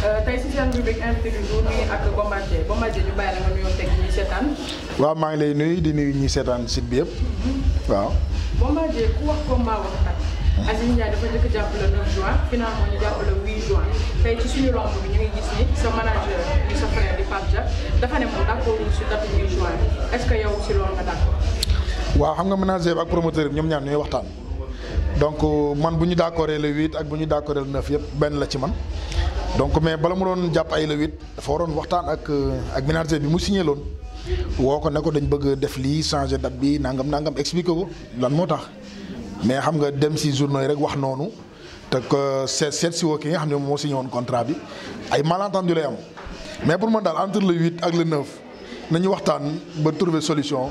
Eh, tey si lay di nuyu ñi seetaan site bi yëpp mm-hmm. waaw. Bombardier ku wax ko maa wax kat. Aziz Ndiaye dafa le 9 juin finalement ñu jàpp le 8 juin tey ci suñu romb bi ñu ngi gis ni sa manager sa frère di Pape dafa ne moom d'accord date 8 juin est-ce que yow si loolu nga d'accord. waaw xam nga manager ak promoteur waxtaan donc euh, man bu ñu d'accordé le 8 ak bu ñu d'accordé le 9 yëpp ben la ci man. donc mais bala mu doon jàpp ay la lewit dafa waroon waxtaan ak euh, ak ménager bi mu signé loon woo ko nekko ko dañ bëgg def lii changé date bi nangam nangam expliqué ko lan moo tax mais xam nga dem si journaux yi rek wax noonu te seet seet si woo ki nga xam ne moo signé woon contrat bi ay malentendu lay am mais pour man daal entre le huit ak le neuf nañu waxtaan ba trouver solution.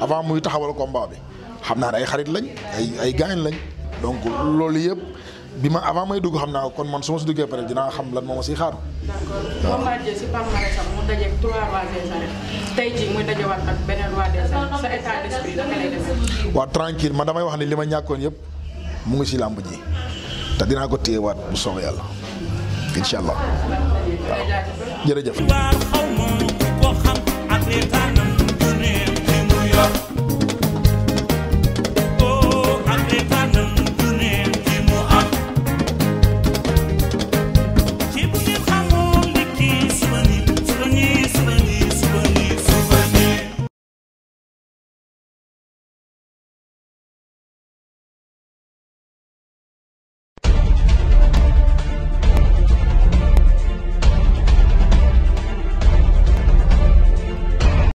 avant muy taxawal combat bi xam naa ne ay xarit lañ ay ay gaañ lañ donc loolu yëpp bi ma avant may dugg xam naa kon man su duggee pare dinaa xam lan moo si palmarès am mu tranquille man damay wax ne li ma ñàkkoon yëpp mu ngi si làmb ji te dinaa ko téyewaat bu soobee yàlla incha allah jërëjëf.